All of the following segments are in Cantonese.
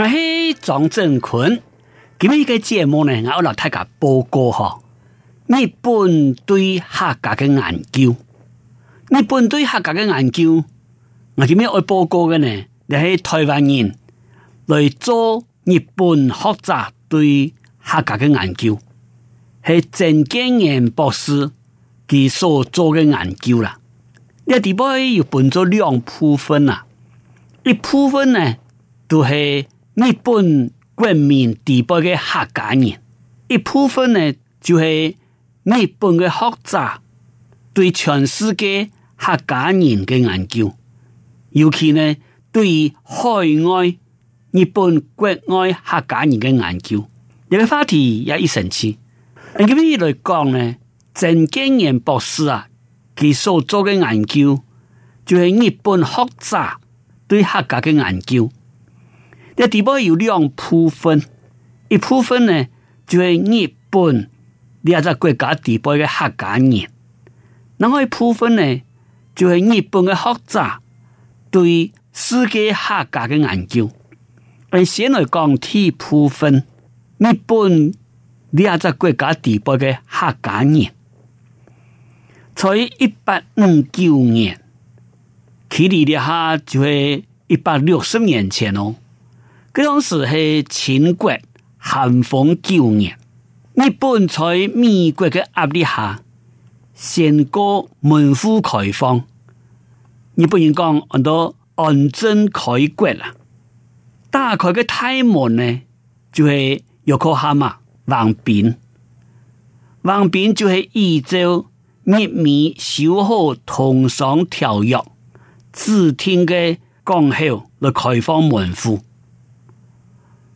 我喺張鎮堃，今日嘅節目呢，我嚟睇下報告哈。日本對客家嘅研究，日本對客家嘅研究，今我今日愛報告嘅呢。你、就、喺、是、台灣人來做日本學者對客家嘅研究，係鄭經言博士佢所做嘅研究啦。你哋呢要分咗兩部分啊，一部分呢都係。就是日本國民地表嘅客家人，一部分呢就係、是、日本嘅學者對全世界客家人嘅研究，尤其呢對海外日本國外客家人嘅研究。一、這個話題有一成次，從呢嚟講呢，曾經年博士啊，佢所做嘅研究就係、是、日本學者對客家嘅研究。嘅地包有兩部分，一部分呢就是日本兩在國家地包的客家年，另外一部分呢就是日本的學者對世界客家的研究。你先來講第一部分，日本兩在國家地包的客家年，在一八五九年，距離下就是一百六十年前咯、哦。嗰陣時係清國咸豐九年，日本在美國嘅壓力下，先個門戶開放，日本人講好多暗中開國啊，打開佢嘅大門呢，就係玉科蛤蟆橫濱，橫濱就係依照秘密修好通商條約，指定嘅港口來開放門戶。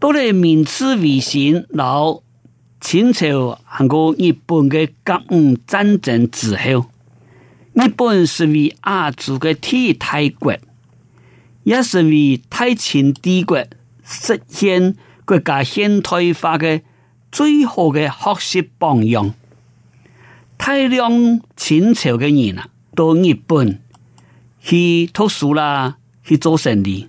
多嚟明治維新，然後清朝行過日本嘅甲午戰爭之後，日本是為亞洲嘅第一大國，也是為大清帝國實現國家現代化的最好的學習榜樣。大量清朝的人啊，到日本去讀書啦，去做生意。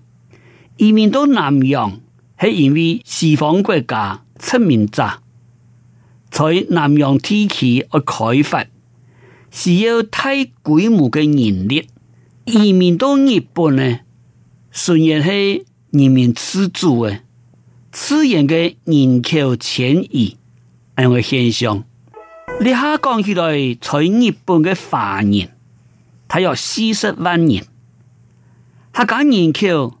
移民到南洋是因為西方國家出名早，在南洋地區而開發，是要太規模的人力；移民到日本呢，純係去移民居住啊，自然嘅人口遷移咁嘅現象。你下講起來，喺日本的華人，睇有四十萬人，吓講人口。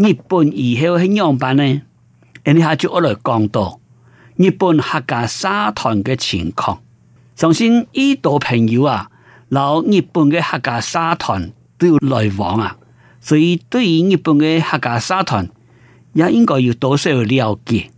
日本以後係樣板呢？咁你下朝我來講到日本客家社團嘅情況。首先，呢度朋友啊，留日本嘅客家社團都要來往啊，所以對於日本嘅客家社團也應該要多少了解。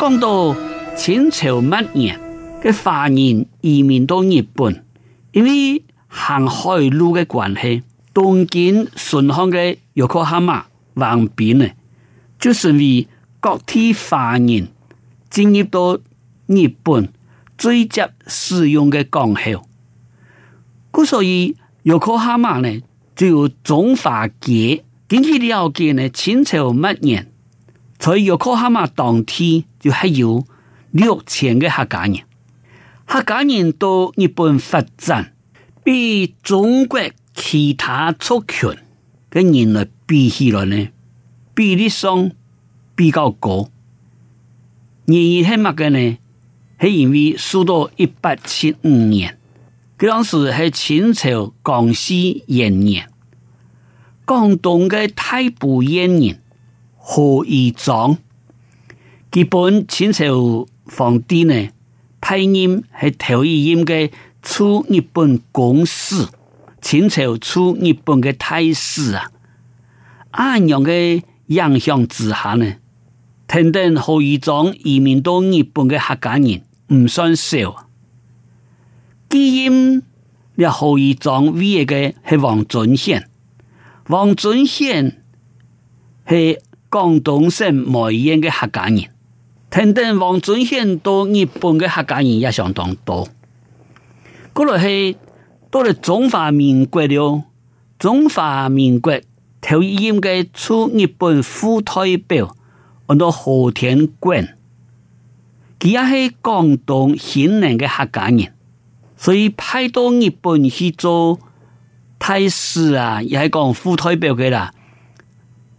講到清朝末年，嘅華人移民到日本，因為行海路嘅關係，東京順行嘅玉科蛤蟆橫濱呢，就成為各地華人進入到日本最早使用嘅港口。故所以玉科蛤蟆呢就總華街，點解了解呢？清朝末年。在越考下嘛，當天就還有六千個客家人，客家人到日本發展，比中國其他族群的人類比起來呢，比例上比較高。原因係乜嘅呢？係因為數到一八七五年，當時係清朝廣西元年，廣東的台北部元年。何以壯，基本清朝皇帝呢，派人係頭一任嘅出日本公使，清朝出日本嘅太史啊。安陽嘅影響之下呢，聽到何以壯移民到日本嘅客家人唔算少。基因呢，何以壯為一嘅係王尊賢，王尊賢係。廣東省梅縣的客家人，聽聽黃遵憲到日本的客家人也相當多。嗰個係到了中華民國了，中華民國頭一應該出日本副代表，我到何田官，佢也是廣東興寧的客家人，所以派到日本去做大使啊，也係講副代表嘅啦。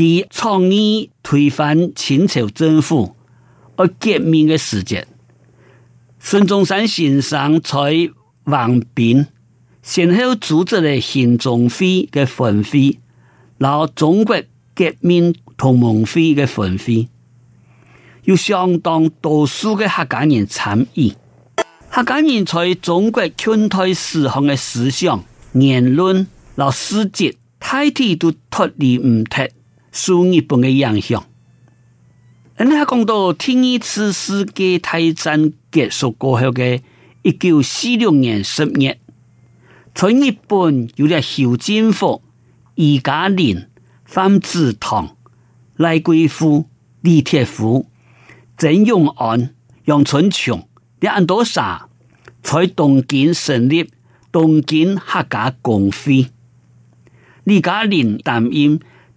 以倡議推翻清朝政府而革命嘅事件，孫中山先生在橫濱先後組織了興中會嘅分會，然後中國革命同盟會嘅分會，有相當多數嘅客家人參與。客家人在中國近代史上嘅思想、言論、老事蹟、態度都脫離唔脫。受日本嘅影響，人哋講到第二次世界大戰結束過後嘅一九四六年十月，喺日本有啲喬振福、李嘉林、范志棠、賴桂富、李鐵虎、鄭永安、楊春強、李安多沙，在東京成立東京客家公會。李嘉林擔任。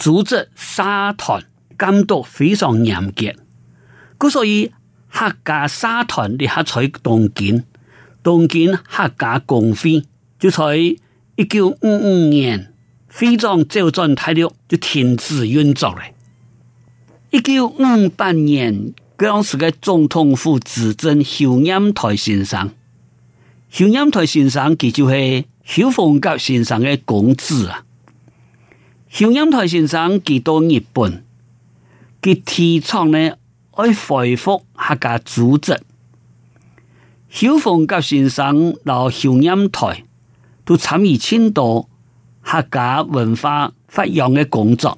組織沙團監督非常嚴格，所以客家沙團的客取動件，動件客家公會就喺一九五五年，非常周全態度就停止運作啦。一九五八年，當時的總統府執政蕭蔭台先生，蕭蔭台先生其實就是蕭鳳吉先生的公子啊。邵音台先生，幾多日本，佢提倡呢愛回復客家組織。小鳳格先生到邵音台都參與青島客家文化發揚的工作。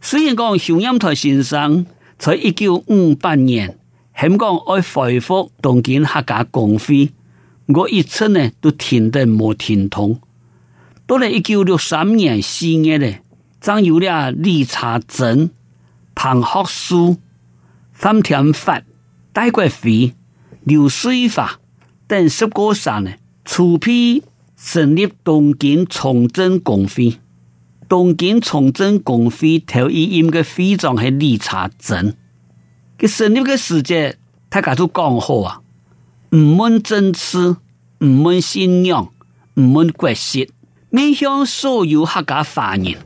雖然講邵音台先生在一九五八年肯講愛回復當今客家公會，我一前呢都聽得無聽通。到是一九六三年四月呢。上有了理查曾、彭福書、范田法、戴國煇、劉水法等十個山呢。首批成立東京崇正公會，東京崇正公會頭一任的會長是理查曾。佢成立的時間，大家都講好啊，唔問政治，唔問信仰，唔問國事，面向所有客家華人。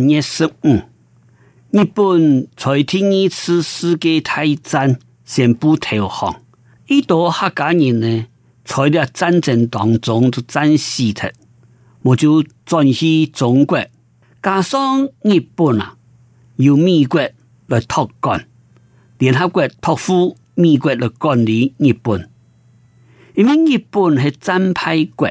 一月十五，日本在第二次世界大戰宣布投降。有好多客家人呢，在戰爭當中就戰死，我就轉去中國，加上日本啊，由美國來託管，聯合國託付美國來管理日本，因為日本是戰敗國。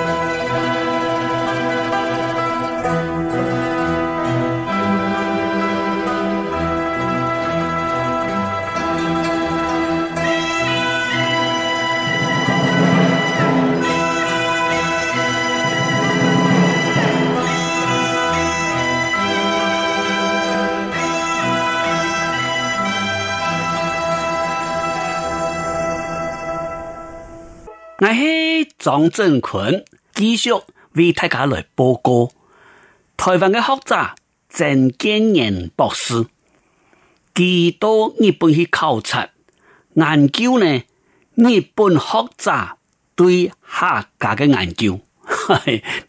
我是張鎮堃，繼續為大家來報告台灣嘅學者鄭建仁博士，幾多日本去考察研究呢？日本學者對客家嘅研究，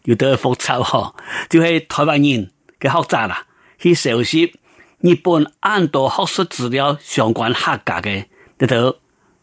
又 得複雜哦，就係台灣人嘅學者啦，去熟悉日本很多學術資料，相關客家嘅得到。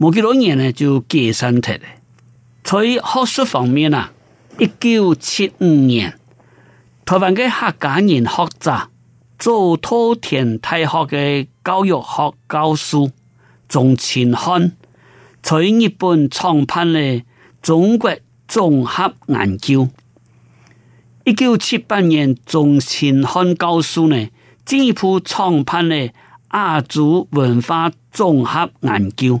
冇幾多年呢，就解散咗。在學術方面啊，一九七五年，學家年學台灣的客家人學者做早稻田大學的教育學教授，鍾清漢在日本創辦了中國綜合研究，一九七八年鍾清漢教授呢進一步創辦了亞洲文化綜合研究。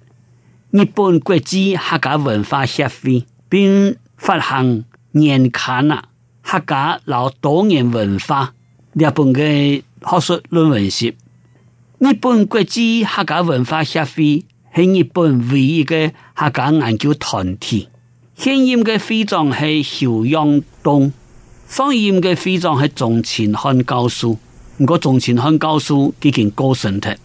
日本國際客家文化協會，並發行年刊啦，客家老多元文化日本嘅學術論文集。日本國際客家文化協會係日本唯一嘅客家研究團體。現任嘅會長係邵陽東，現任嘅會長係鍾清漢教授，如果鍾清漢教授佢已經過身嘅。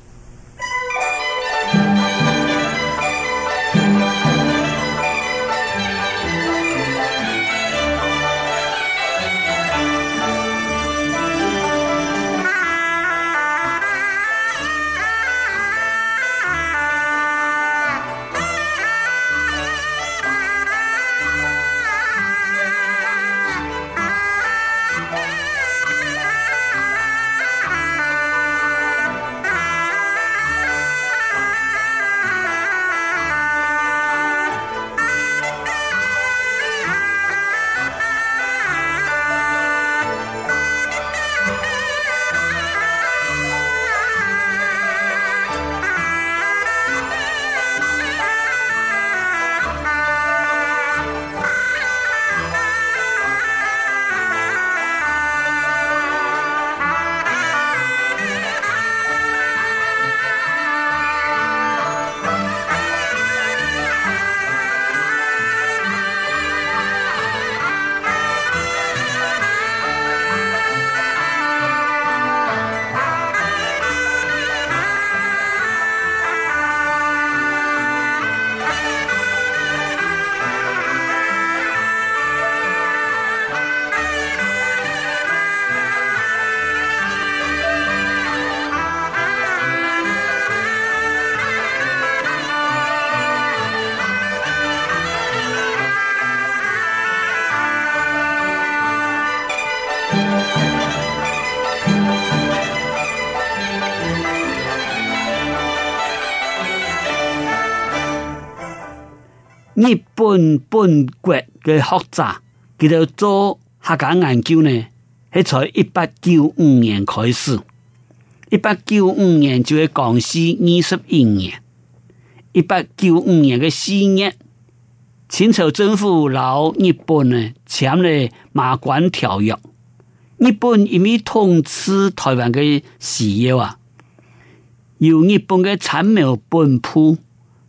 日本本國的學者，佢就做客家研究呢，喺在一八九五年開始，一八九五年就係光緒二十一年，一八九五年的四月，清朝政府同日本呢簽咗馬關條約，日本因為統治台灣的事業啊，由日本的參謀本部。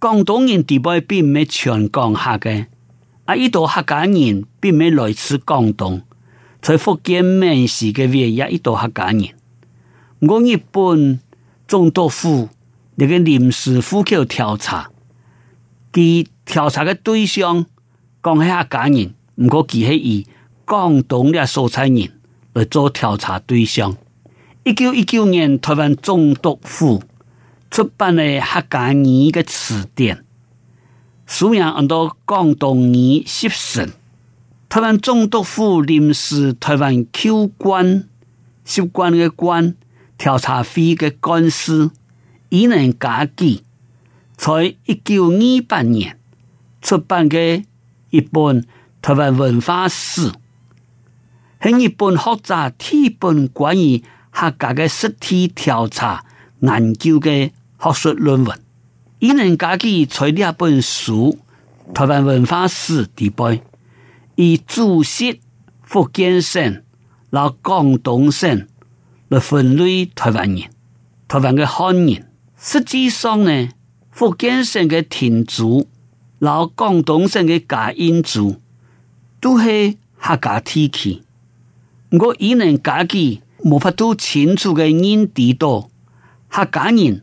廣東人地位並唔係全講客嘅，啊，一道客家人並唔係來自廣東，在福建閩西嘅位也一道客家人。日本總督府，一個臨時戶口調查，佢調查嘅對象，講係客家人唔過其實以廣東嘅受產人來做調查對象。一九一九年台灣總督府。出版的，的《客家語嘅詞典，數量很多廣東語學生，臺灣總督府臨時臺灣舊慣，習慣嘅慣調查費的官司，伊能嘉矩，在一九二八年出版嘅一本臺灣文化史，係一本學者第一本關於客家的實地調查研究的。學術論文，伊能嘉矩取呢一本書《台灣文化史》底背，以注釋福建省、老廣東省來分類台灣人、台灣的漢人。實際上呢，福建省的汀族、老廣東省的嘉應族，都係客家體系。我伊能嘉矩冇法度清楚的認地道客家人。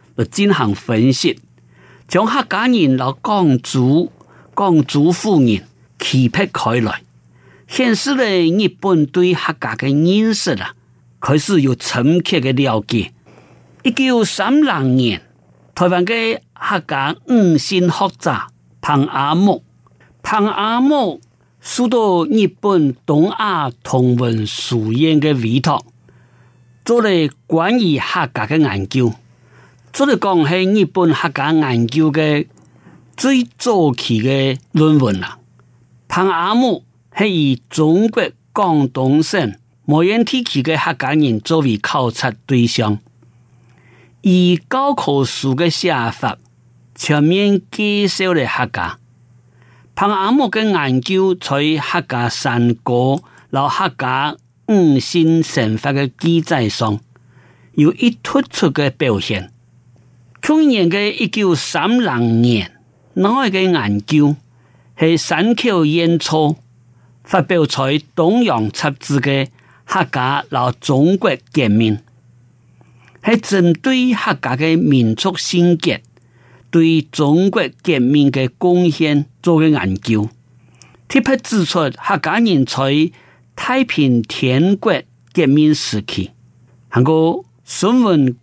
進行分析，將客家人主、由廣州廣州方言區別開來。顯示了日本對客家的認識啦、啊，開始有深刻嘅了解。一九三六年，台灣的客家五、嗯、線學者彭阿木、彭阿木受到日本東亞同文書院的委託，做了關於客家的研究。做個講係日本學家研究的最早期的論文啦。彭阿木是以中國廣東省梅縣地區的客家人作為考察對象，以教科書的寫法全面介紹了客家。彭阿木的研究在《客家三國》、《老客家五線神法》的記載上有一突出的表現。去年嘅一九三零年，那我嘅研究係山口演出發表在《東洋雜誌》嘅《客家老中國革命》，係針對客家嘅民族性格對中國革命嘅貢獻做嘅研究，特別指出客家人在太平天國革命時期，還有孫文。